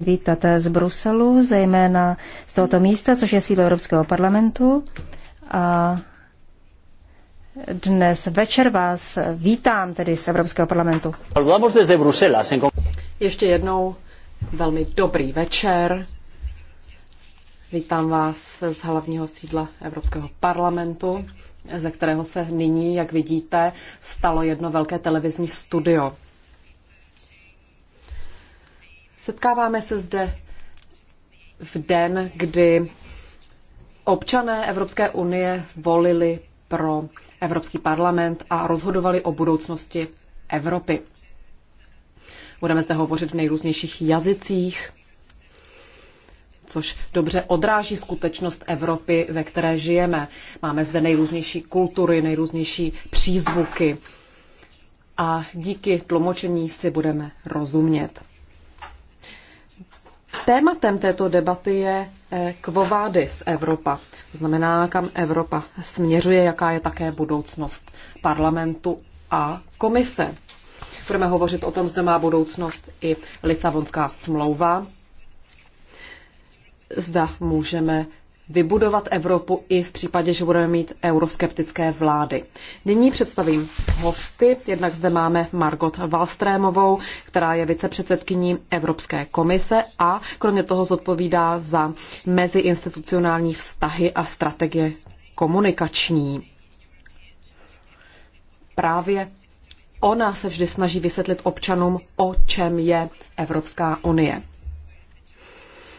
vítat z Bruselu, zejména z tohoto místa, což je sídlo Evropského parlamentu. A dnes večer vás vítám tedy z Evropského parlamentu. Ještě jednou velmi dobrý večer. Vítám vás z hlavního sídla Evropského parlamentu, ze kterého se nyní, jak vidíte, stalo jedno velké televizní studio. Setkáváme se zde v den, kdy občané Evropské unie volili pro Evropský parlament a rozhodovali o budoucnosti Evropy. Budeme zde hovořit v nejrůznějších jazycích, což dobře odráží skutečnost Evropy, ve které žijeme. Máme zde nejrůznější kultury, nejrůznější přízvuky a díky tlumočení si budeme rozumět. Tématem této debaty je Kvovádis eh, Evropa, to znamená, kam Evropa směřuje, jaká je také budoucnost parlamentu a komise. Budeme hovořit o tom, zda má budoucnost i Lisabonská smlouva, zda můžeme vybudovat Evropu i v případě, že budeme mít euroskeptické vlády. Nyní představím hosty. Jednak zde máme Margot Wallstrémovou, která je vicepředsedkyní Evropské komise a kromě toho zodpovídá za meziinstitucionální vztahy a strategie komunikační. Právě ona se vždy snaží vysvětlit občanům, o čem je Evropská unie.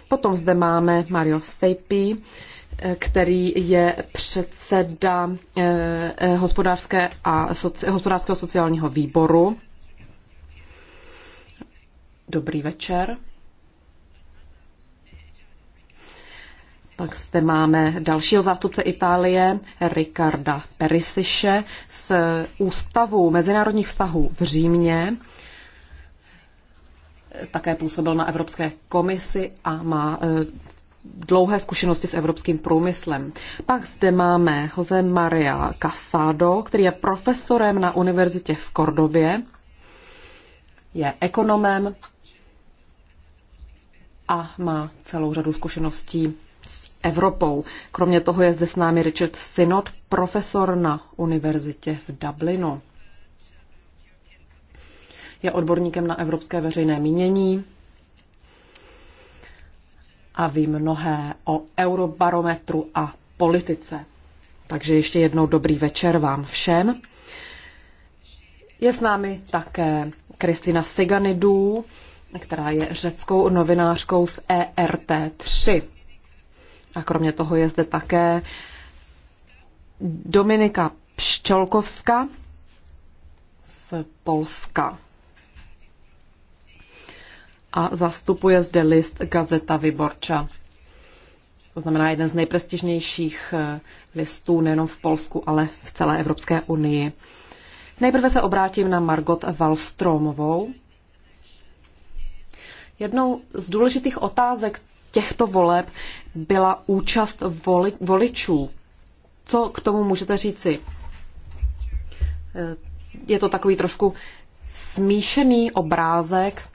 Potom zde máme Mario Sejpi, eh, který je předseda eh, eh, hospodářské a soci, hospodářského sociálního výboru. Dobrý večer. Pak zde máme dalšího zástupce Itálie, Ricarda Perisiše z Ústavu mezinárodních vztahů v Římě také působil na Evropské komisi a má eh, dlouhé zkušenosti s evropským průmyslem. Pak zde máme Jose Maria Casado, který je profesorem na univerzitě v Kordově, je ekonomem a má celou řadu zkušeností s Evropou. Kromě toho je zde s námi Richard Synod, profesor na univerzitě v Dublinu je odborníkem na evropské veřejné mínění a ví mnohé o eurobarometru a politice. Takže ještě jednou dobrý večer vám všem. Je s námi také Kristina Siganidů, která je řeckou novinářkou z ERT3. A kromě toho je zde také Dominika Pščolkovska z Polska a zastupuje zde list Gazeta Vyborča. To znamená jeden z nejprestižnějších eh, listů nejenom v Polsku, ale v celé Evropské unii. Nejprve se obrátím na Margot Wallstromovou. Jednou z důležitých otázek těchto voleb byla účast voli, voličů. Co k tomu můžete říci? Eh, je to takový trošku smíšený obrázek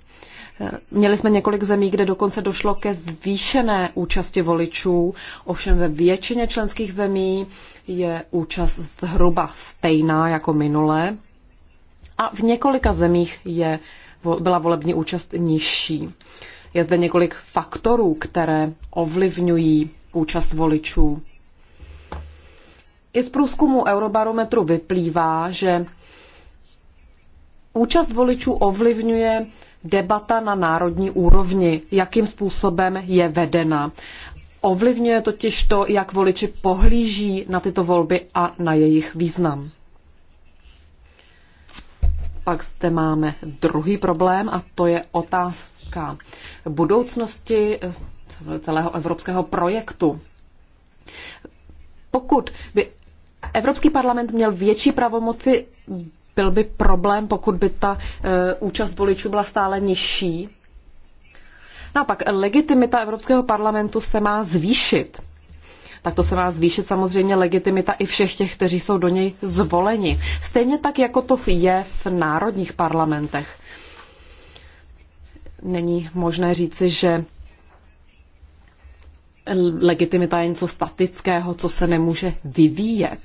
Měli jsme několik zemí, kde dokonce došlo ke zvýšené účasti voličů, ovšem ve většině členských zemí je účast zhruba stejná jako minule a v několika zemích je, byla volební účast nižší. Je zde několik faktorů, které ovlivňují účast voličů. I z průzkumu Eurobarometru vyplývá, že účast voličů ovlivňuje debata na národní úrovni, jakým způsobem je vedena. Ovlivňuje totiž to, jak voliči pohlíží na tyto volby a na jejich význam. Pak zde máme druhý problém a to je otázka budoucnosti celého evropského projektu. Pokud by Evropský parlament měl větší pravomoci byl by problém, pokud by ta eh, účast voličů byla stále nižší. Naopak, legitimita Evropského parlamentu se má zvýšit tak to se má zvýšit samozřejmě legitimita i všech těch, kteří jsou do něj zvoleni. Stejně tak, jako to je v národních parlamentech. Není možné říci, že legitimita je něco statického, co se nemůže vyvíjet.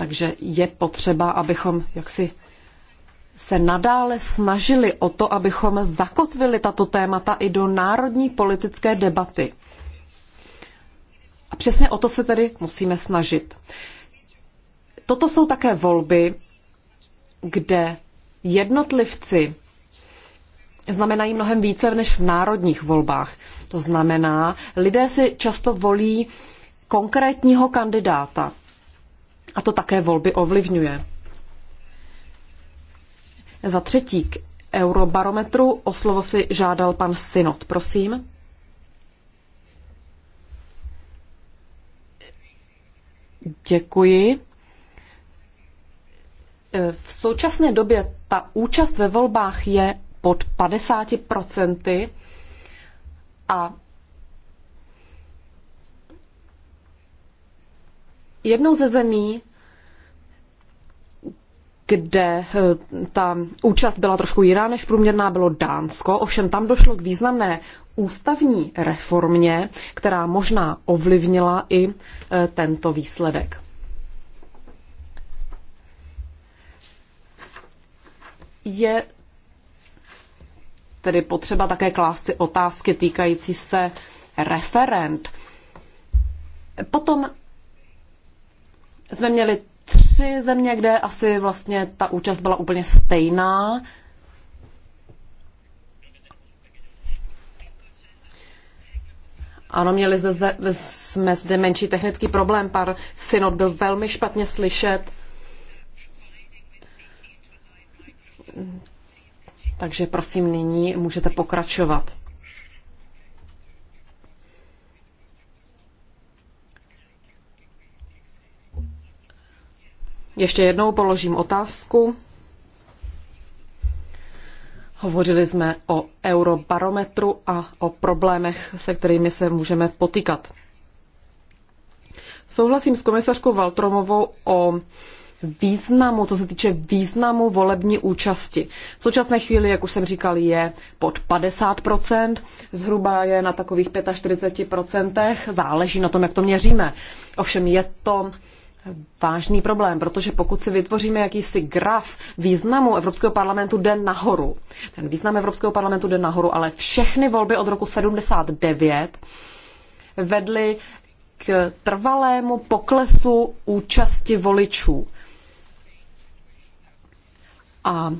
Takže je potřeba, abychom jaksi se nadále snažili o to, abychom zakotvili tato témata i do národní politické debaty. A přesně o to se tedy musíme snažit. Toto jsou také volby, kde jednotlivci znamenají mnohem více než v národních volbách. To znamená, lidé si často volí konkrétního kandidáta. A to také volby ovlivňuje. Za třetí k eurobarometru o slovo si žádal pan Synod. Prosím. Děkuji. E, v současné době ta účast ve volbách je pod 50% a jednou ze zemí, kde eh, ta účast byla trošku jiná než průměrná, bylo Dánsko. Ovšem tam došlo k významné ústavní reformě, která možná ovlivnila i eh, tento výsledek. Je tedy potřeba také klást si otázky týkající se referent. Potom jsme měli tři země, kde asi vlastně ta účast byla úplně stejná. Ano, měli zde, zde, jsme zde menší technický problém. Par synod byl velmi špatně slyšet. Takže prosím, nyní můžete pokračovat. Ještě jednou položím otázku. Hovořili jsme o eurobarometru a o problémech, se kterými se můžeme potýkat. Souhlasím s komisařkou Valtromovou o významu, co se týče významu volební účasti. V současné chvíli, jak už jsem říkal, je pod 50%, zhruba je na takových 45%, záleží na tom, jak to měříme. Ovšem je to vážný problém, protože pokud si vytvoříme jakýsi graf významu Evropského parlamentu jde nahoru, ten význam Evropského parlamentu jde nahoru, ale všechny volby od roku 79 vedly k trvalému poklesu účasti voličů. A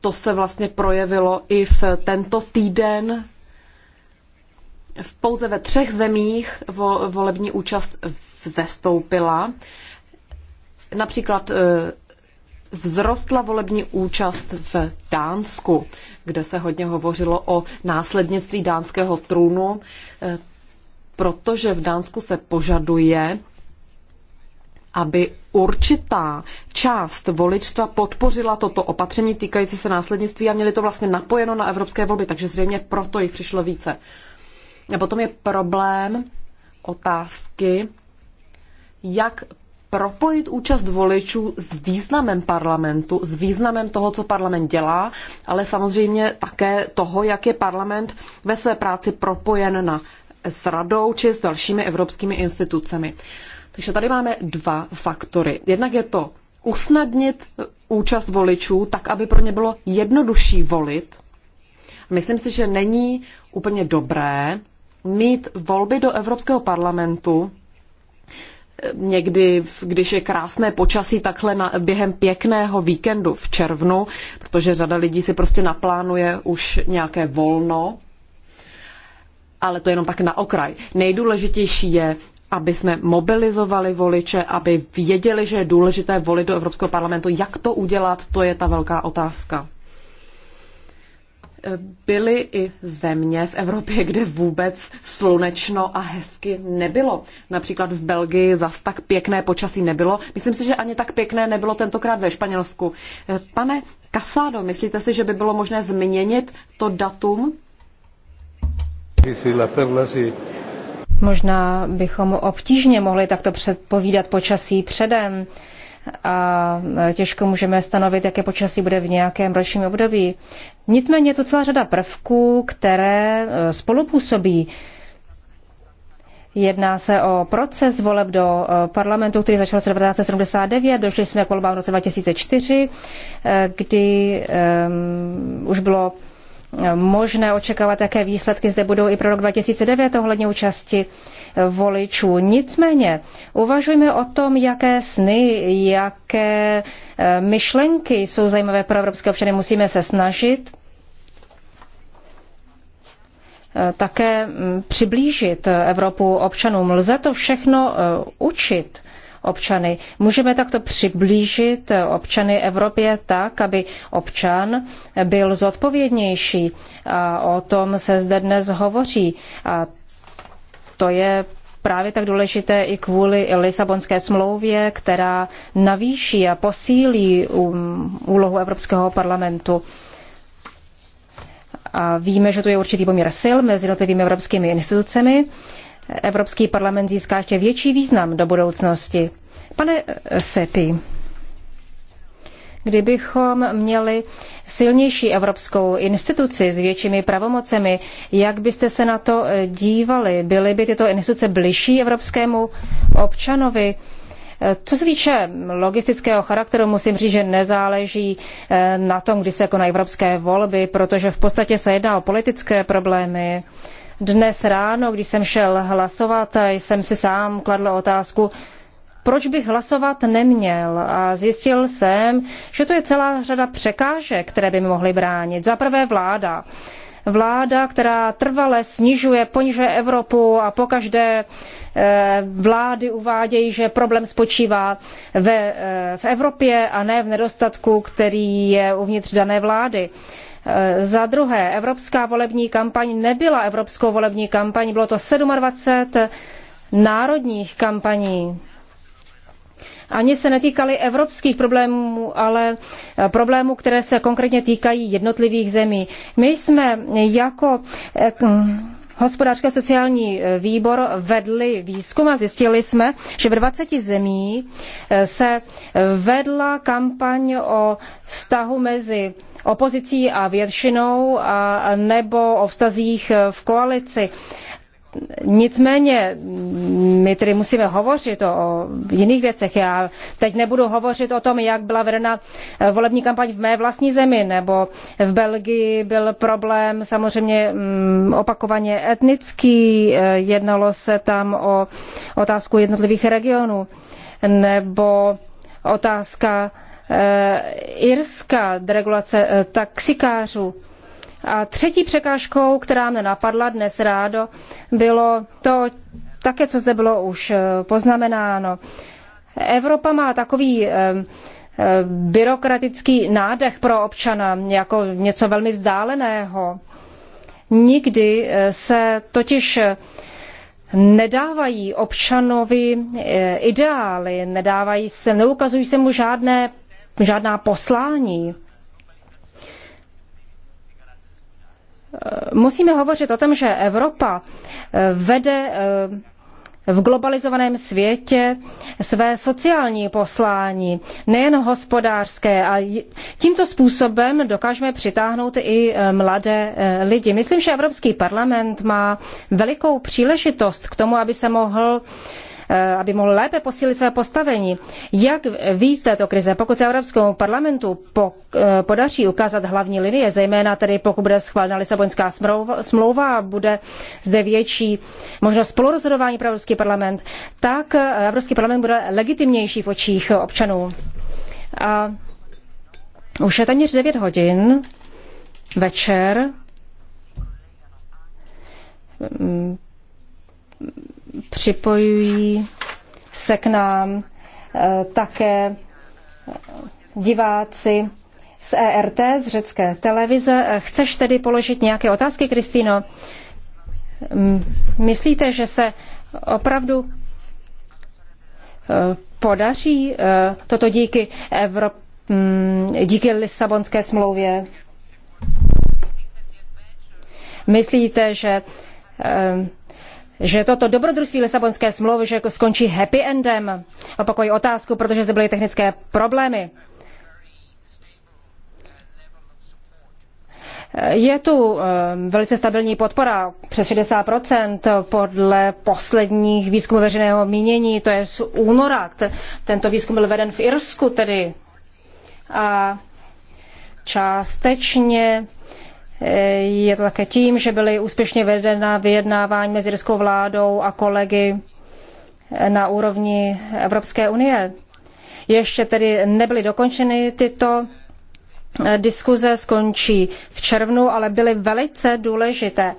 to se vlastně projevilo i v tento týden. V pouze ve třech zemích vo, volební účast zestoupila. Například eh, vzrostla volební účast v Dánsku, kde se hodně hovořilo o následnictví dánského trůnu, eh, protože v Dánsku se požaduje, aby určitá část voličstva podpořila toto opatření týkající se následnictví a měli to vlastně napojeno na evropské volby, takže zřejmě proto jich přišlo více. A potom je problém otázky, jak propojit účast voličů s významem parlamentu, s významem toho, co parlament dělá, ale samozřejmě také toho, jak je parlament ve své práci propojen na, s radou či s dalšími evropskými institucemi. Takže tady máme dva faktory. Jednak je to usnadnit účast voličů tak, aby pro ně bylo jednodušší volit. Myslím si, že není úplně dobré mít volby do Evropského parlamentu někdy, když je krásné počasí, takhle na, během pěkného víkendu v červnu, protože řada lidí si prostě naplánuje už nějaké volno, ale to jenom tak na okraj. Nejdůležitější je, aby jsme mobilizovali voliče, aby věděli, že je důležité volit do Evropského parlamentu. Jak to udělat, to je ta velká otázka byly i země v Evropě, kde vůbec slunečno a hezky nebylo. Například v Belgii zas tak pěkné počasí nebylo. Myslím si, že ani tak pěkné nebylo tentokrát ve Španělsku. Eh, pane Casado, myslíte si, že by bylo možné změnit to datum? Možná bychom obtížně mohli takto předpovídat počasí předem a těžko můžeme stanovit, jaké počasí bude v nějakém dalším období. Nicméně je to celá řada prvků, které e, spolupůsobí. Jedná se o proces voleb do e, parlamentu, který začal v roce 1979, došli jsme k volbám v roce 2004, e, kdy um, už bylo možné očekávat, jaké výsledky zde budou i pro rok 2009 ohledně účasti voličů. Nicméně uvažujme o tom, jaké sny, jaké eh, myšlenky jsou zajímavé pro evropské občany. Musíme se snažit eh, také mm, přiblížit Evropu občanům. Lze to všechno eh, učit občany. Můžeme takto přiblížit občany Evropě tak, aby občan byl zodpovědnější. A o tom se zde dnes hovoří. A to je právě tak důležité i kvůli Lisabonské smlouvě, která navýší a posílí um, úlohu Evropského parlamentu. A víme, že tu je určitý poměr sil mezi jednotlivými evropskými institucemi. Evropský parlament získá ještě větší význam do budoucnosti. Pane Sepi, Kdybychom měli silnější evropskou instituci s většími pravomocemi, jak byste se na to eh, dívali? Byly by tyto instituce bližší evropskému občanovi? Eh, co se týče logistického charakteru, musím říct, že nezáleží eh, na tom, kdy se konají evropské volby, protože v podstatě se jedná o politické problémy. Dnes ráno, když jsem šel hlasovat, jsem si sám kladl otázku, proč bych hlasovat neměl. A zjistil jsem, že to je celá řada překážek, které by mi mohly bránit. Za prvé vláda. Vláda, která trvale snižuje, ponižuje Evropu a pokaždé eh, vlády uvádějí, že problém spočívá ve, eh, v Evropě a ne v nedostatku, který je uvnitř dané vlády. Eh, za druhé, evropská volební kampaň nebyla evropskou volební kampaň, bylo to 27 národních kampaní ani se netýkaly evropských problémů, ale eh, problémů, které se konkrétně týkají jednotlivých zemí. My jsme jako eh, hm, hospodářské sociální eh, výbor vedli výzkum a zjistili jsme, že ve 20 zemí se vedla kampaň o vztahu mezi opozicí a většinou a, nebo o vztazích v koalici. Nicméně my tedy musíme hovořit o jiných věcech. Já teď nebudu hovořit o tom, jak byla vedena eh, volební kampaň v mé vlastní zemi, nebo v Belgii byl problém samozřejmě mm, opakovaně etnický, eh, jednalo se tam o otázku jednotlivých regionů, nebo otázka eh, Irska, deregulace taxikářů a třetí překážkou, která mě napadla dnes rádo, bylo to také, co zde bylo už eh, poznamenáno. Evropa má takový eh, eh, byrokratický nádech pro občana jako něco velmi vzdáleného. Nikdy se totiž nedávají občanovi ideály, nedávají se, neukazují se mu žádné, žádná poslání. musíme hovořit o tom, že Evropa eh, vede eh, v globalizovaném světě své sociální poslání, nejen hospodářské. A tímto způsobem dokážeme přitáhnout i eh, mladé lidi. Myslím, že Evropský parlament má velikou příležitost k tomu, aby se mohl uh, Eh, aby mohl lépe posílit své postavení. Jak víc této krize, pokud se Evropskému parlamentu eh, podaří ukázat hlavní linie, zejména tedy pokud bude schválena Lisabonská smlouva a bude zde větší možnost spolurozhodování pro Evropský parlament, tak eh, Evropský parlament bude legitimnější v očích občanů. A už je téměř 9 hodin večer připojují se k nám eh, také diváci z ERT, z řecké televize. Eh, chceš tedy položit nějaké otázky, Kristýno? Mm, myslíte, že se opravdu eh, podaří toto díky, Evrop, mm, díky Lisabonské smlouvě? Myslíte, že že toto dobrodružství Lisabonské smlouvy že jako skončí happy endem. Opakuji otázku, protože zde byly technické problémy. Je tu ehm, velice stabilní podpora, přes 60 podle posledních výzkumů veřejného mínění, to je z února. Tento výzkum byl veden v Irsku tedy. A částečně Eh, je to také tím, že byly úspěšně vedena vyjednávání mezi ruskou vládou a kolegy eh, na úrovni Evropské unie. Ještě tedy nebyly dokončeny tyto eh, diskuze, skončí v červnu, ale byly velice důležité.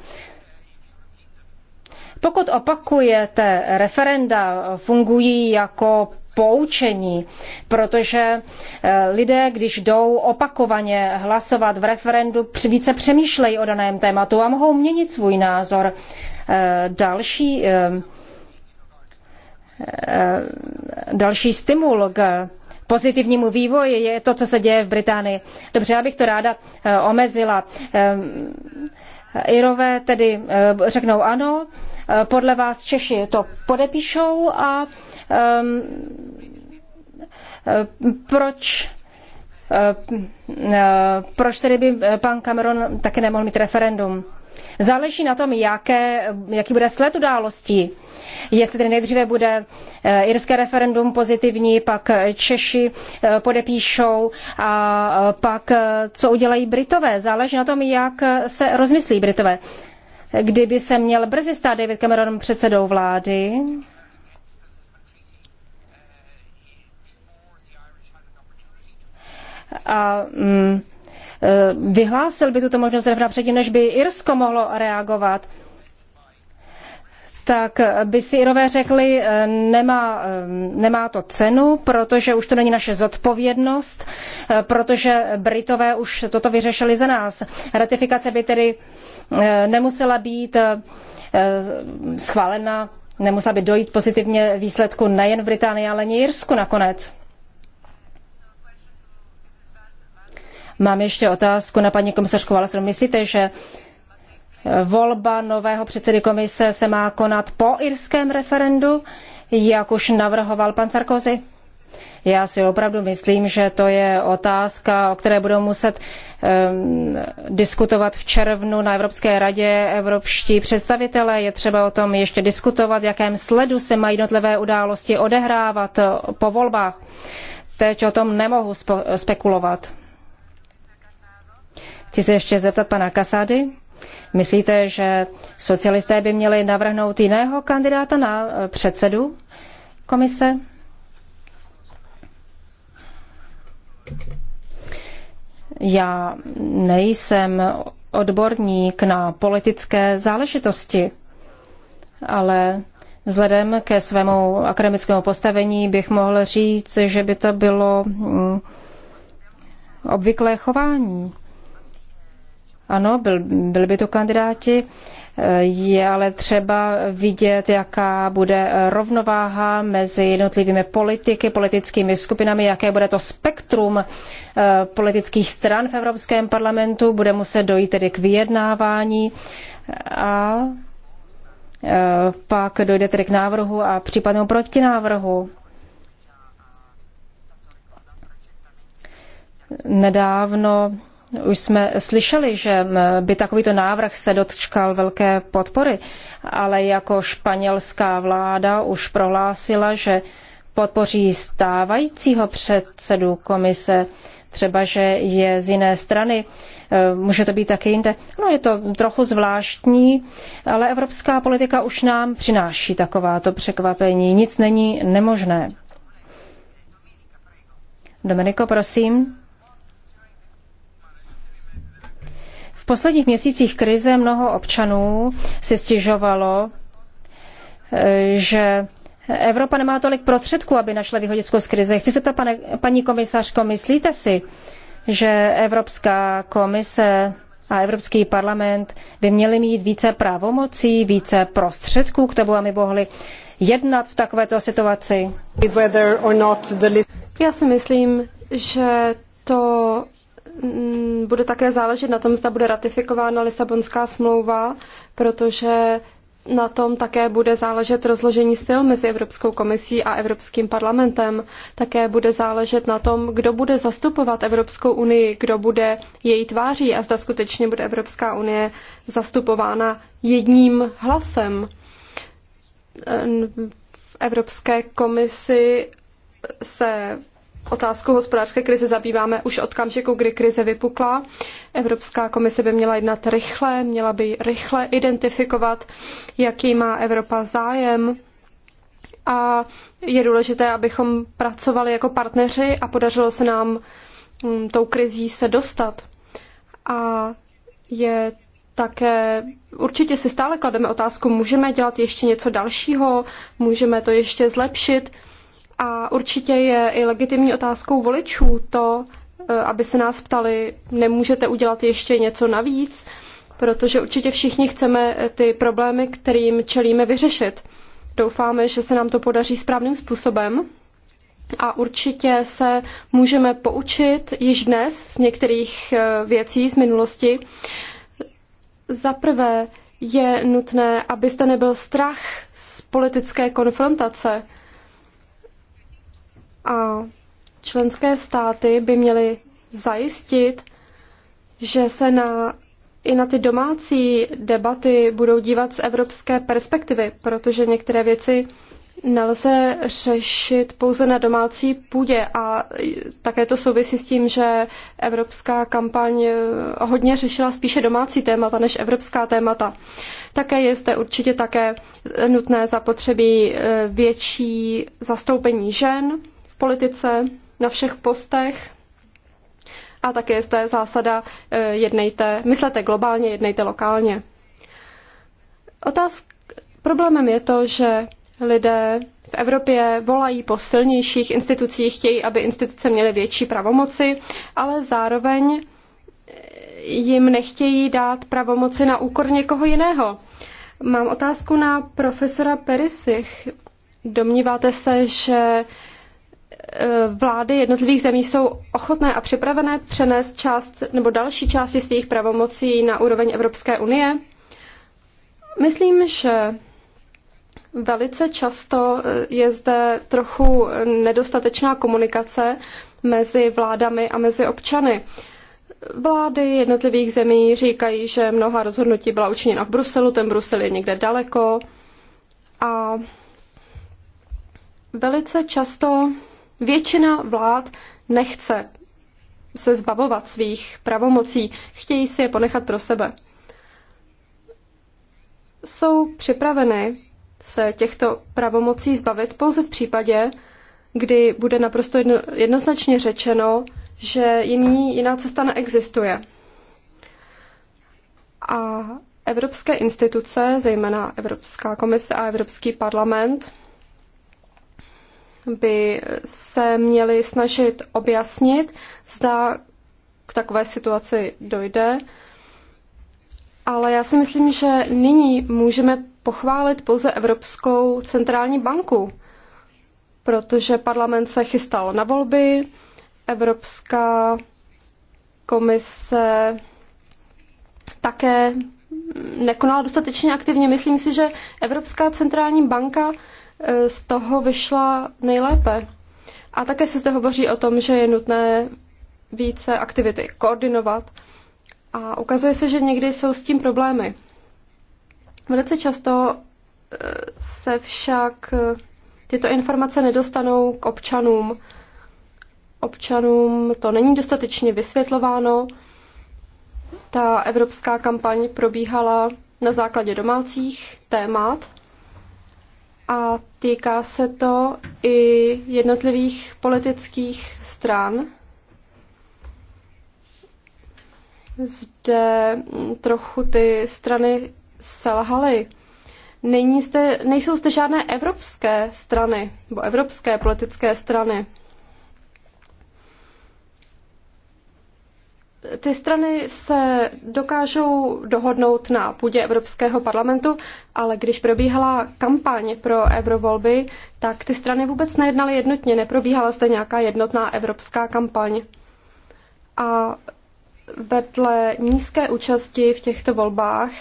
Pokud opakujete referenda, fungují jako poučení, protože eh, lidé, když jdou opakovaně hlasovat v referendu, více přemýšlejí o daném tématu a mohou měnit svůj názor. Eh, další, eh, další stimul k pozitivnímu vývoji je to, co se děje v Británii. Dobře, já bych to ráda omezila. Irové tedy řeknou ano, podle vás Češi to podepíšou a Ehm, eh, proč eh, eh, proč tedy by pan Cameron také nemohl mít referendum? Záleží na tom, jaké, jaký bude sled událostí. Jestli tedy nejdříve bude irské referendum pozitivní, pak Češi podepíšou a pak co udělají Britové. Záleží na tom, jak se rozmyslí Britové. Kdyby se měl brzy stát David Cameron předsedou vlády, a mm, e, vyhlásil by tuto možnost referenda předtím, než by Irsko mohlo reagovat, tak by si Irové řekli, e, nemá, e, nemá to cenu, protože už to není naše zodpovědnost, protože Britové už toto vyřešili za nás. Ratifikace by tedy nemusela být schválena, nemusela by dojít pozitivně výsledku nejen v Británii, ale i Jirsku nakonec. Mám ještě otázku na paní komisařku Valesru. Myslíte, že volba nového předsedy komise se má konat po irském referendu, jak už navrhoval pan Sarkozy? Já si opravdu myslím, že to je otázka, o které budou muset um, diskutovat v červnu na Evropské radě evropští představitelé. Je třeba o tom ještě diskutovat, v jakém sledu se mají jednotlivé události odehrávat po volbách. Teď o tom nemohu spekulovat. Chci se ještě zeptat pana Kasády. Myslíte, že socialisté by měli navrhnout jiného kandidáta na eh, předsedu komise? Já nejsem odborník na politické záležitosti, ale vzhledem ke svému akademickému postavení bych mohl říct, že by to bylo mm, obvyklé chování. Ano, byl, byli by to kandidáti. Je ale třeba vidět, jaká bude rovnováha mezi jednotlivými politiky, politickými skupinami, jaké bude to spektrum eh, politických stran v Evropském parlamentu. Bude muset dojít tedy k vyjednávání a eh, pak dojde tedy k návrhu a případnou protinávrhu. Nedávno už jsme slyšeli, že by takovýto návrh se dotčkal velké podpory, ale jako španělská vláda už prohlásila, že podpoří stávajícího předsedu komise, třeba že je z jiné strany, e, může to být taky jinde. No je to trochu zvláštní, ale evropská politika už nám přináší takováto překvapení. Nic není nemožné. Dominiko, prosím. V posledních měsících krize mnoho občanů si stěžovalo, eh, že Evropa nemá tolik prostředků, aby našla východisko z krize. Chci se ptát, pane, paní komisařko, myslíte si, že Evropská komise a Evropský parlament by měli mít více pravomocí, více prostředků k tomu, aby mohli jednat v takovéto situaci? Já si myslím, že to Mm, bude také záležet na tom, zda bude ratifikována Lisabonská smlouva, protože na tom také bude záležet rozložení sil mezi Evropskou komisí a Evropským parlamentem. Také bude záležet na tom, kdo bude zastupovat Evropskou unii, kdo bude její tváří a zda skutečně bude Evropská unie zastupována jedním hlasem. Ehm, v Evropské komisi se otázkou hospodářské krize zabýváme už od kamžiku, kdy krize vypukla. Evropská komise by měla jednat rychle, měla by rychle identifikovat, jaký má Evropa zájem a je důležité, abychom pracovali jako partneři a podařilo se nám mm, tou krizí se dostat. A je také určitě si stále klademe otázku, můžeme dělat ještě něco dalšího, můžeme to ještě zlepšit. A určitě je i legitimní otázkou voličů to, e, aby se nás ptali, nemůžete udělat ještě něco navíc, protože určitě všichni chceme e, ty problémy, kterým čelíme, vyřešit. Doufáme, že se nám to podaří správným způsobem a určitě se můžeme poučit již dnes z některých e, věcí z minulosti. Za prvé je nutné, abyste nebyl strach z politické konfrontace a členské státy by měly zajistit, že se na, i na ty domácí debaty budou dívat z evropské perspektivy, protože některé věci nelze řešit pouze na domácí půdě a také to souvisí s tím, že evropská kampaň eh, hodně řešila spíše domácí témata než evropská témata. Také je zde určitě také nutné zapotřebí eh, větší zastoupení žen v politice, na všech postech. A také je zde zásada eh, jednejte, myslete globálně, jednejte lokálně. Otázka, problémem je to, že lidé v Evropě volají po silnějších institucích, chtějí, aby instituce měly větší pravomoci, ale zároveň eh, jim nechtějí dát pravomoci na úkor někoho jiného. Mám otázku na profesora Perisich. Domníváte se, že E, vlády jednotlivých zemí jsou ochotné a připravené přenést část nebo další části svých pravomocí na úroveň Evropské unie? Myslím, že velice často e, je zde trochu nedostatečná komunikace mezi vládami a mezi občany. Vlády jednotlivých zemí říkají, že mnoha rozhodnutí byla učiněna v Bruselu, ten Brusel je někde daleko a velice často Většina vlád nechce se zbavovat svých pravomocí, chtějí si je ponechat pro sebe. Jsou připraveny se těchto pravomocí zbavit pouze v případě, kdy bude naprosto jedno, jednoznačně řečeno, že jiný, jiná cesta neexistuje. A evropské instituce, zejména Evropská komise a Evropský parlament, by se měli snažit objasnit, zda k takové situaci dojde. Ale já si myslím, že nyní můžeme pochválit pouze Evropskou centrální banku, protože parlament se chystal na volby, Evropská komise také nekonala dostatečně aktivně. Myslím si, že Evropská centrální banka Eh, z toho vyšla nejlépe. A také se zde hovoří o tom, že je nutné více aktivity koordinovat. A ukazuje se, že někdy jsou s tím problémy. Velice často eh, se však eh, tyto informace nedostanou k občanům. Občanům to není dostatečně vysvětlováno. Ta evropská kampaň probíhala na základě domácích témat a týká se to i jednotlivých politických stran. Zde trochu ty strany selhaly. Není nejsou zde žádné evropské strany, nebo evropské politické strany. ty strany se dokážou dohodnout na půdě Evropského parlamentu, ale když probíhala kampaň pro eurovolby, tak ty strany vůbec nejednaly jednotně, neprobíhala zde nějaká jednotná evropská kampaň. A vedle nízké účasti v těchto volbách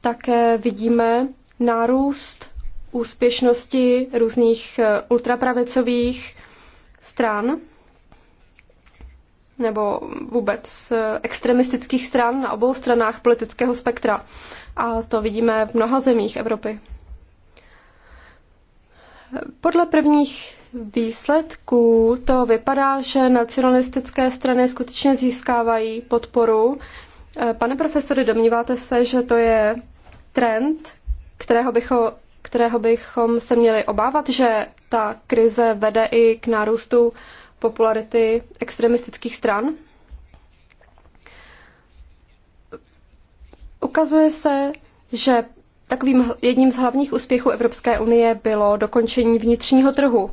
také vidíme nárůst úspěšnosti různých eh, ultrapravicových stran, nebo vůbec extremistických stran na obou stranách politického spektra. A to vidíme v mnoha zemích Evropy. Podle prvních výsledků to vypadá, že nacionalistické strany skutečně získávají podporu. Pane profesore, domníváte se, že to je trend, kterého bychom, kterého bychom se měli obávat, že ta krize vede i k nárůstu popularity extremistických stran. Ukazuje se, že takovým jedním z hlavních úspěchů Evropské unie bylo dokončení vnitřního trhu.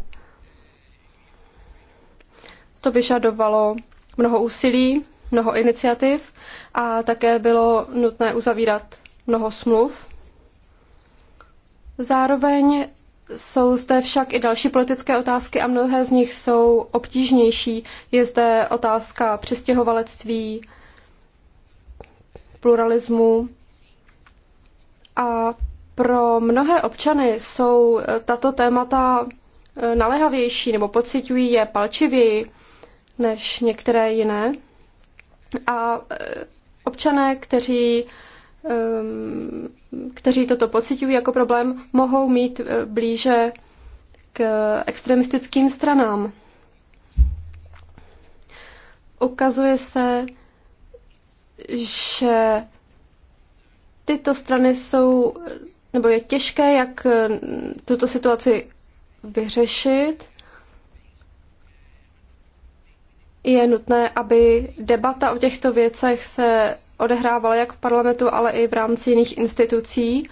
To vyžadovalo mnoho úsilí, mnoho iniciativ a také bylo nutné uzavírat mnoho smluv. Zároveň jsou zde však i další politické otázky a mnohé z nich jsou obtížnější. Je zde otázka přistěhovalectví, pluralismu a pro mnohé občany jsou eh, tato témata eh, naléhavější nebo pociťují je palčivěji než některé jiné. A eh, občané, kteří Ehm, kteří toto pocitují jako problém, mohou mít eh, blíže k extremistickým stranám. Ukazuje se, že tyto strany jsou, nebo je těžké, jak eh, tuto situaci vyřešit. Je nutné, aby debata o těchto věcech se odehrávala jak v parlamentu, ale i v rámci jiných institucí.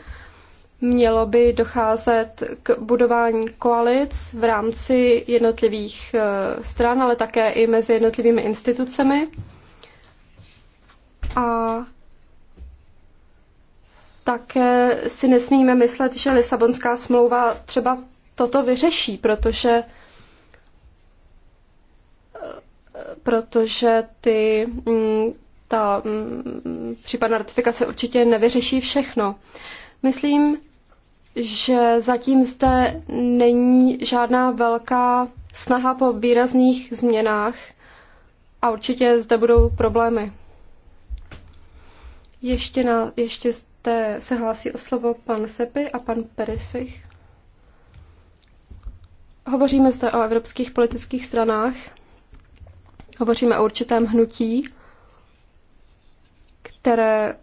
Mělo by docházet k budování koalic v rámci jednotlivých eh, stran, ale také i mezi jednotlivými institucemi. A také si nesmíme myslet, že Lisabonská smlouva třeba toto vyřeší, protože eh, protože ty mm, ta mm, případná ratifikace určitě nevyřeší všechno. Myslím, že zatím zde není žádná velká snaha po výrazných změnách a určitě zde budou problémy. Ještě, na, ještě zde se hlásí o slovo pan Sepy a pan Perisich. Hovoříme zde o evropských politických stranách, hovoříme o určitém hnutí, které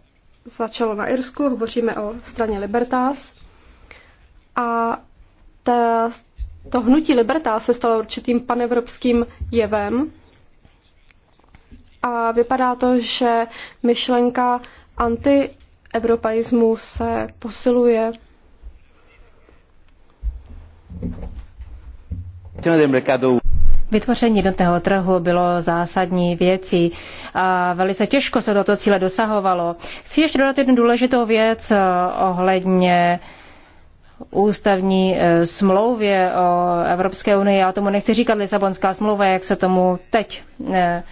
začalo na Irsku, hovoříme o straně Libertas. A ta, to hnutí Libertas se stalo určitým panevropským jevem. A vypadá to, že myšlenka antievropaismu se posiluje. del mercado Vytvoření jednotného trhu bylo zásadní věcí a velice těžko se toto cíle dosahovalo. Chci ještě dodat jednu důležitou věc eh, ohledně ústavní eh, smlouvě o Evropské unii. Já tomu nechci říkat Lisabonská smlouva, jak se tomu teď eh,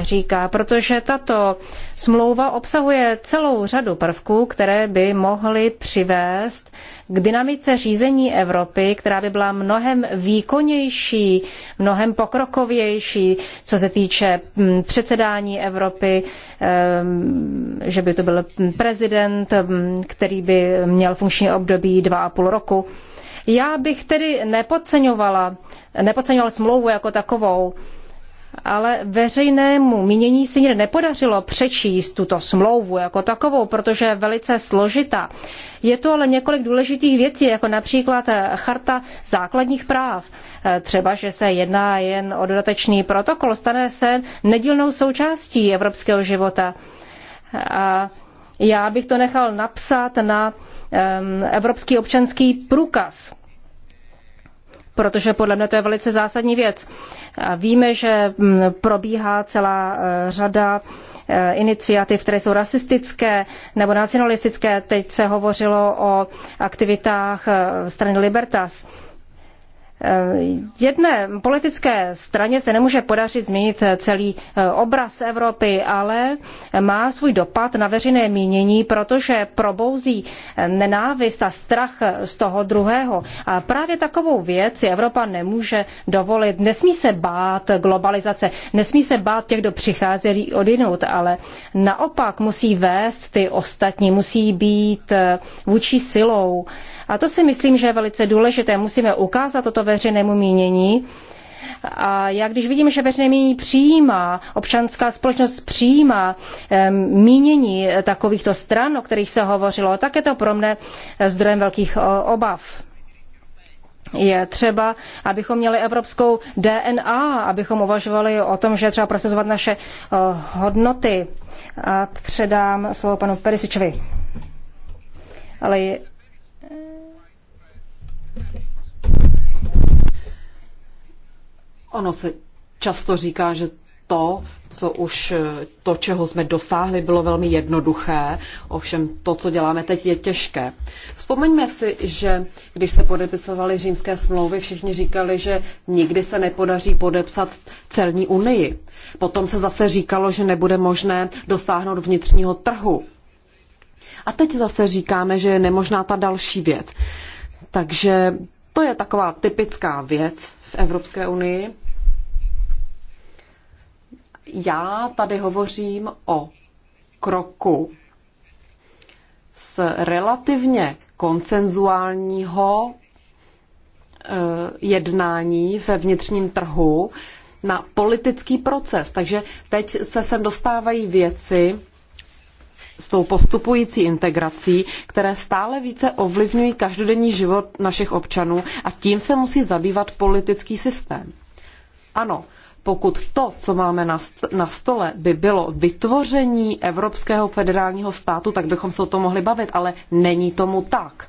říká, protože tato smlouva obsahuje celou řadu prvků, které by mohly přivést k dynamice řízení Evropy, která by byla mnohem výkonnější, mnohem pokrokovější, co se týče mm, předsedání Evropy, že by to byl prezident, který by měl funkční období dva a půl roku. Já bych tedy nepodceňovala, nepodceňovala smlouvu jako takovou ale veřejnému mínění se nikdy nepodařilo přečíst tuto smlouvu jako takovou, protože je velice složitá. Je to ale několik důležitých věcí, jako například eh, charta základních práv. Eh, třeba, že se jedná jen o dodatečný protokol, stane se nedílnou součástí evropského života. A já bych to nechal napsat na um, Evropský občanský průkaz protože podle mě to je velice zásadní věc. A víme, že mm, probíhá celá e, řada e, iniciativ, které jsou rasistické nebo nacionalistické. Teď se hovořilo o aktivitách e, strany Libertas Eh, jedné politické straně se nemůže podařit změnit eh, celý eh, obraz Evropy, ale má svůj dopad na veřejné mínění, protože probouzí nenávist a strach z toho druhého. A právě takovou věc si Evropa nemůže dovolit. Nesmí se bát globalizace, nesmí se bát těch, kdo přichází odinout, ale naopak musí vést ty ostatní, musí být vůči silou a to si myslím, že je velice důležité. Musíme ukázat toto veřejnému mínění. A já když vidím, že veřejné mínění přijímá, občanská společnost přijímá mínění takovýchto stran, o kterých se hovořilo, tak je to pro mne zdrojem velkých obav je třeba, abychom měli evropskou DNA, abychom uvažovali o tom, že je třeba procesovat naše hodnoty. A předám slovo panu Perisičovi. Ale Ono se často říká, že to, co už to, čeho jsme dosáhli, bylo velmi jednoduché, ovšem to, co děláme teď, je těžké. Vzpomeňme si, že když se podepisovaly římské smlouvy, všichni říkali, že nikdy se nepodaří podepsat celní unii. Potom se zase říkalo, že nebude možné dosáhnout vnitřního trhu. A teď zase říkáme, že je nemožná ta další věc. Takže to je taková typická věc v Evropské unii. Já tady hovořím o kroku z relativně koncenzuálního eh, jednání ve vnitřním trhu na politický proces. Takže teď se sem dostávají věci, s tou postupující integrací, které stále více ovlivňují každodenní život našich občanů a tím se musí zabývat politický systém. Ano, pokud to, co máme na stole, by bylo vytvoření Evropského federálního státu, tak bychom se o tom mohli bavit, ale není tomu tak.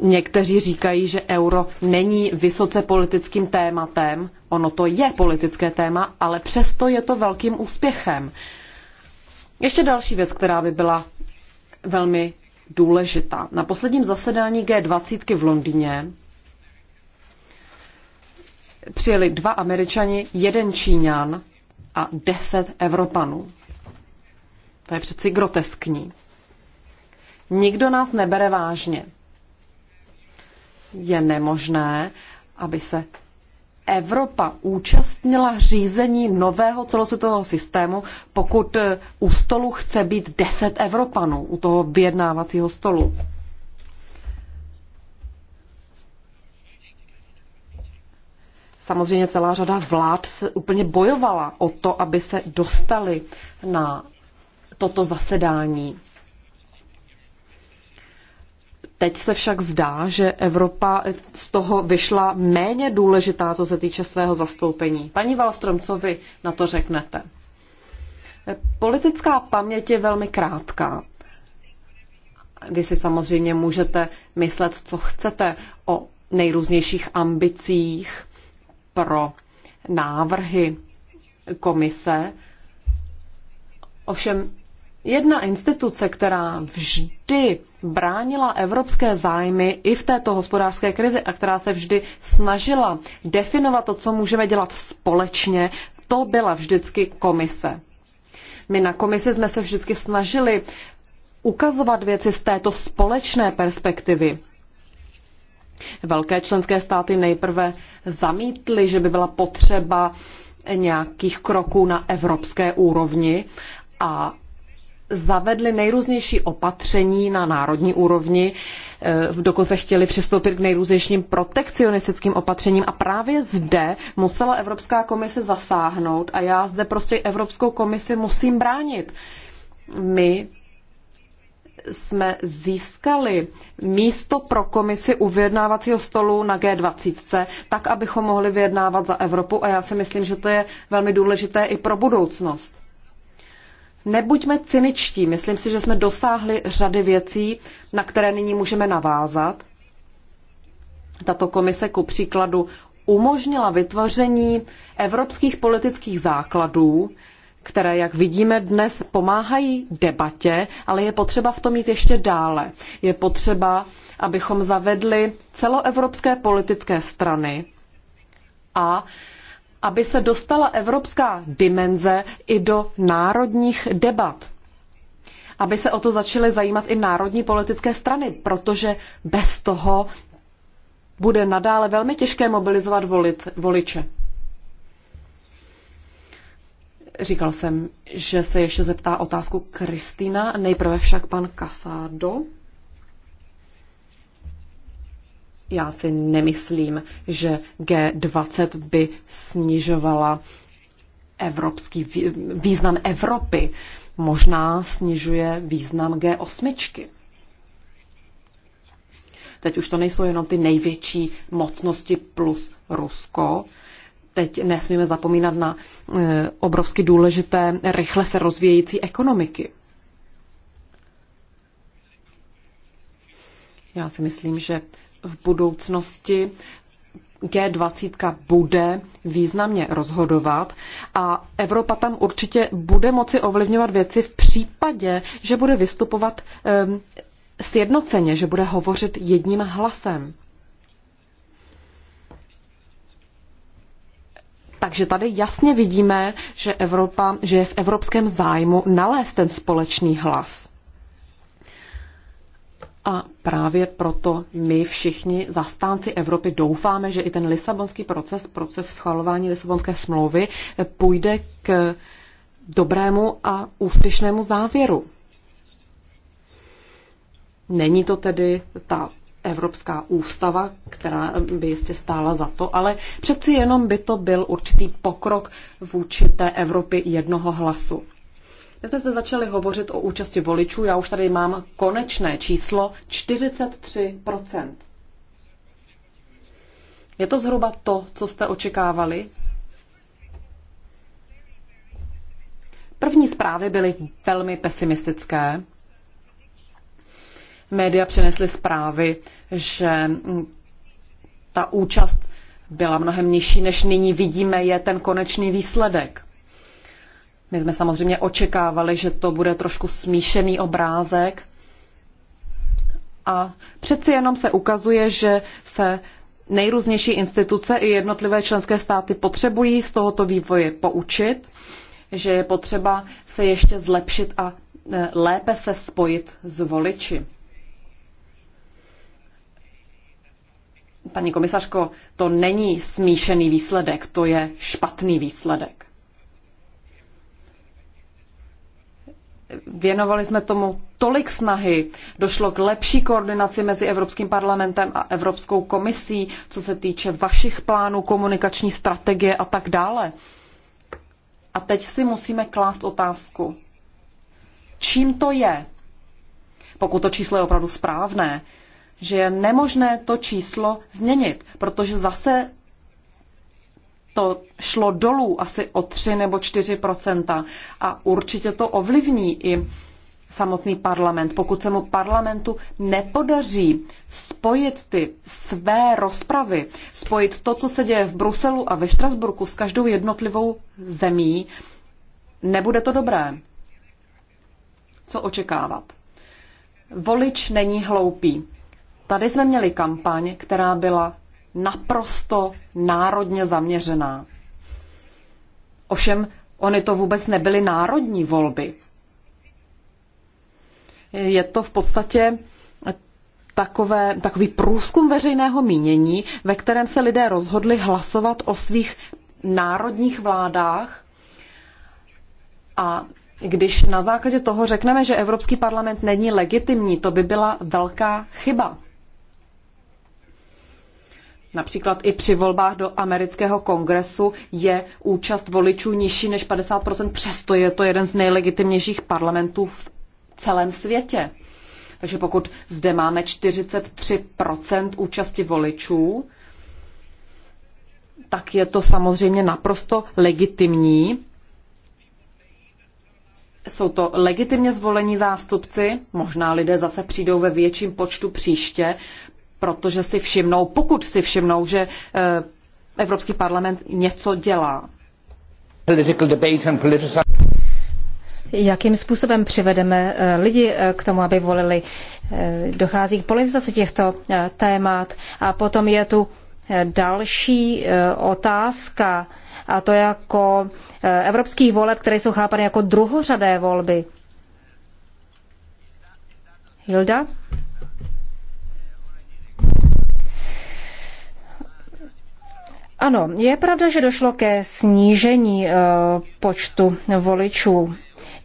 Někteří říkají, že euro není vysoce politickým tématem. Ono to je politické téma, ale přesto je to velkým úspěchem. Ještě další věc, která by byla velmi důležitá. Na posledním zasedání G20 v Londýně přijeli dva američani, jeden číňan a deset Evropanů. To je přeci groteskní. Nikdo nás nebere vážně je nemožné, aby se Evropa účastnila řízení nového celosvětového systému, pokud eh, u stolu chce být deset Evropanů, u toho vyjednávacího stolu. Samozřejmě celá řada vlád se úplně bojovala o to, aby se dostali na toto zasedání. Teď se však zdá, že Evropa z toho vyšla méně důležitá, co se týče svého zastoupení. Paní Valstrom, co vy na to řeknete? Politická paměť je velmi krátká. Vy si samozřejmě můžete myslet, co chcete o nejrůznějších ambicích pro návrhy komise. Ovšem, jedna instituce, která vždy bránila evropské zájmy i v této hospodářské krizi a která se vždy snažila definovat to, co můžeme dělat společně, to byla vždycky komise. My na komisi jsme se vždycky snažili ukazovat věci z této společné perspektivy. Velké členské státy nejprve zamítly, že by byla potřeba nějakých kroků na evropské úrovni a zavedli nejrůznější opatření na národní úrovni, eh, dokonce chtěli přistoupit k nejrůznějším protekcionistickým opatřením a právě zde musela Evropská komise zasáhnout a já zde prostě Evropskou komisi musím bránit. My jsme získali místo pro komisi u vyjednávacího stolu na G20, tak abychom mohli vyjednávat za Evropu a já si myslím, že to je velmi důležité i pro budoucnost. Nebuďme cyničtí, myslím si, že jsme dosáhli řady věcí, na které nyní můžeme navázat. Tato komise ku příkladu umožnila vytvoření evropských politických základů, které, jak vidíme dnes, pomáhají debatě, ale je potřeba v tom jít ještě dále. Je potřeba, abychom zavedli celoevropské politické strany a aby se dostala evropská dimenze i do národních debat. Aby se o to začaly zajímat i národní politické strany, protože bez toho bude nadále velmi těžké mobilizovat volit, voliče. Říkal jsem, že se ještě zeptá otázku Kristýna, nejprve však pan Casado. Já si nemyslím, že G20 by snižovala evropský význam Evropy. Možná snižuje význam G8. Teď už to nejsou jenom ty největší mocnosti plus Rusko, teď nesmíme zapomínat na e, obrovsky důležité, rychle se rozvíjející ekonomiky. Já si myslím, že v budoucnosti G20 bude významně rozhodovat a Evropa tam určitě bude moci ovlivňovat věci v případě, že bude vystupovat um, sjednoceně, že bude hovořit jedním hlasem. Takže tady jasně vidíme, že Evropa, že je v evropském zájmu nalézt ten společný hlas. A právě proto my všichni zastánci Evropy doufáme, že i ten lisabonský proces, proces schvalování Lisabonské smlouvy, eh, půjde k dobrému a úspěšnému závěru. Není to tedy ta Evropská ústava, která by jistě stála za to, ale přeci jenom by to byl určitý pokrok vůči té Evropy jednoho hlasu. My jsme se začali hovořit o účasti voličů, já už tady mám konečné číslo 43%. Je to zhruba to, co jste očekávali? První zprávy byly velmi pesimistické. Média přinesly zprávy, že ta účast byla mnohem nižší, než nyní vidíme, je ten konečný výsledek. My jsme samozřejmě očekávali, že to bude trošku smíšený obrázek. A přeci jenom se ukazuje, že se nejrůznější instituce i jednotlivé členské státy potřebují z tohoto vývoje poučit, že je potřeba se ještě zlepšit a e, lépe se spojit s voliči. Paní komisařko, to není smíšený výsledek, to je špatný výsledek. Věnovali jsme tomu tolik snahy, došlo k lepší koordinaci mezi Evropským parlamentem a Evropskou komisí, co se týče vašich plánů, komunikační strategie a tak dále. A teď si musíme klást otázku, čím to je, pokud to číslo je opravdu správné, že je nemožné to číslo změnit, protože zase to šlo dolů asi o 3 nebo 4 a určitě to ovlivní i samotný parlament. Pokud se mu parlamentu nepodaří spojit ty své rozpravy, spojit to, co se děje v Bruselu a ve Štrasburku s každou jednotlivou zemí, nebude to dobré. Co očekávat? Volič není hloupý. Tady jsme měli kampaň, která byla naprosto národně zaměřená. Ovšem, ony to vůbec nebyly národní volby. Je to v podstatě takové, takový průzkum veřejného mínění, ve kterém se lidé rozhodli hlasovat o svých národních vládách a když na základě toho řekneme, že Evropský parlament není legitimní, to by byla velká chyba. Například i při volbách do amerického kongresu je účast voličů nižší než 50%, přesto je to jeden z nejlegitimnějších parlamentů v celém světě. Takže pokud zde máme 43% účasti voličů, tak je to samozřejmě naprosto legitimní. Jsou to legitimně zvolení zástupci, možná lidé zase přijdou ve větším počtu příště, protože si všimnou, pokud si všimnou, že eh, Evropský parlament něco dělá. Jakým způsobem přivedeme eh, lidi eh, k tomu, aby volili? Dochází k politizaci těchto témat a potom je tu další otázka, a to jako evropských voleb, které jsou chápané jako druhořadé volby. Hilda? Ano, je pravda, že došlo ke snížení eh, počtu voličů.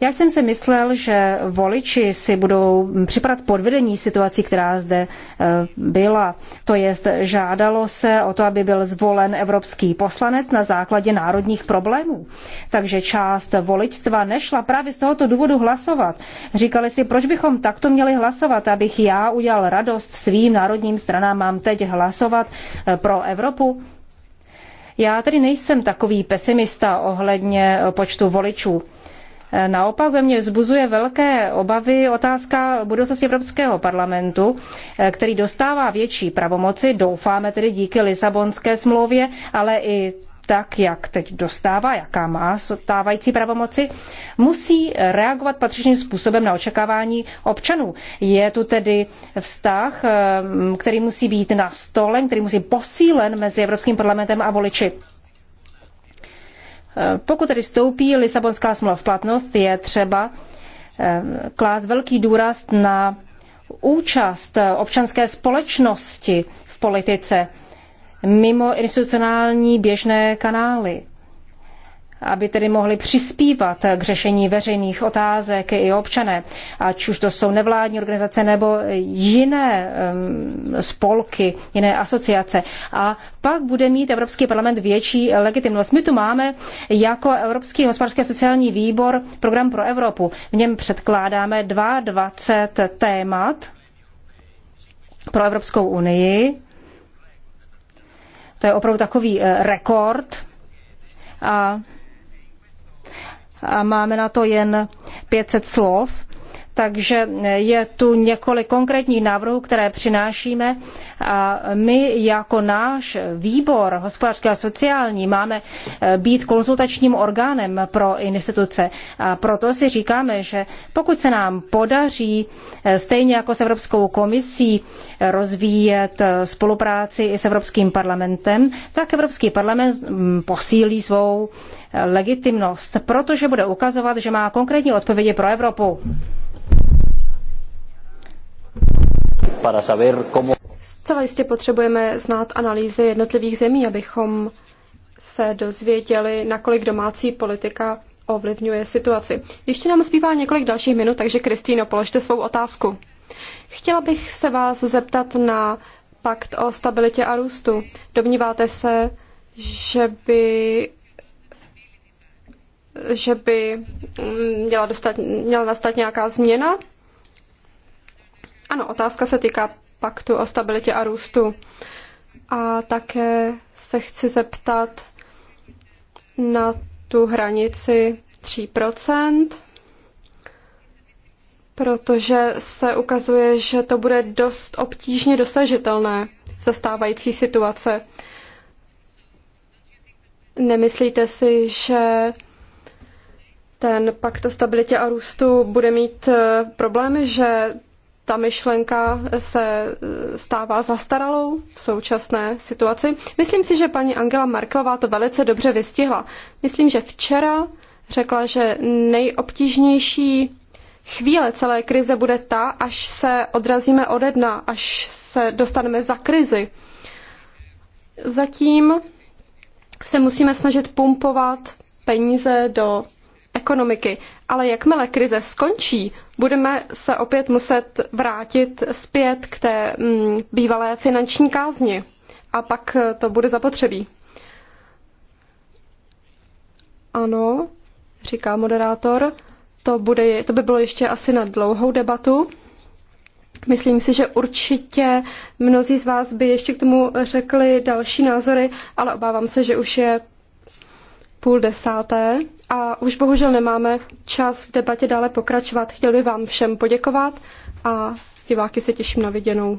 Já jsem si myslel, že voliči si budou připadat vedení situací, která zde eh, byla. To je, žádalo se o to, aby byl zvolen evropský poslanec na základě národních problémů. Takže část voličstva nešla právě z tohoto důvodu hlasovat. Říkali si, proč bychom takto měli hlasovat, abych já udělal radost svým národním stranám, mám teď hlasovat eh, pro Evropu. Já tedy nejsem takový pesimista ohledně počtu voličů. Naopak ve mně vzbuzuje velké obavy otázka budoucnosti Evropského parlamentu, který dostává větší pravomoci, doufáme tedy díky Lisabonské smlouvě, ale i tak jak teď dostává, jaká má stávající pravomoci, musí reagovat patřičným způsobem na očekávání občanů. Je tu tedy vztah, eh, který musí být nastolen, který musí posílen mezi Evropským parlamentem a voliči. Eh, pokud tedy vstoupí Lisabonská smlouva v platnost, je třeba eh, klást velký důraz na účast občanské společnosti v politice mimo institucionální běžné kanály, aby tedy mohli přispívat k řešení veřejných otázek i občané, ať už to jsou nevládní organizace nebo jiné spolky, jiné asociace. A pak bude mít Evropský parlament větší legitimnost. My tu máme jako Evropský hospodářský sociální výbor program pro Evropu. V něm předkládáme 22 témat pro Evropskou unii to je opravdu takový eh, rekord. A, a máme na to jen 500 slov. Takže je tu několik konkrétních návrhů, které přinášíme a my jako náš výbor hospodářský a sociální máme eh, být konzultačním orgánem pro instituce. A proto si říkáme, že pokud se nám podaří eh, stejně jako s Evropskou komisí eh, rozvíjet spolupráci i s Evropským parlamentem, tak Evropský parlament mm, posílí svou legitimnost, protože bude ukazovat, že má konkrétní odpovědi pro Evropu. para saber cómo... Zcela jistě potřebujeme znát analýzy jednotlivých zemí, abychom se dozvěděli, nakolik domácí politika ovlivňuje situaci. Ještě nám zbývá několik dalších minut, takže Kristýno, položte svou otázku. Chtěla bych se vás zeptat na pakt o stabilitě a růstu. Domníváte se, že by že by mm, měla, dostat, měla nastat nějaká změna ano, otázka se týká paktu o stabilitě a růstu. A také se chci zeptat na tu hranici 3%, protože se ukazuje, že to bude dost obtížně dosažitelné za stávající situace. Nemyslíte si, že ten pakt o stabilitě a růstu bude mít eh, problémy, že ta myšlenka se stává zastaralou v současné situaci. Myslím si, že paní Angela Merklová to velice dobře vystihla. Myslím, že včera řekla, že nejobtížnější chvíle celé krize bude ta, až se odrazíme ode dna, až se dostaneme za krizi. Zatím se musíme snažit pumpovat peníze do ekonomiky. Ale jakmile krize skončí, budeme se opět muset vrátit zpět k té mm, bývalé finanční kázni. A pak eh, to bude zapotřebí. Ano, říká moderátor, to, bude, to by bylo ještě asi na dlouhou debatu. Myslím si, že určitě mnozí z vás by ještě k tomu řekli další názory, ale obávám se, že už je půl desáté. A už bohužel nemáme čas v debatě dále pokračovat. Chtěl bych vám všem poděkovat a s diváky se těším na viděnou.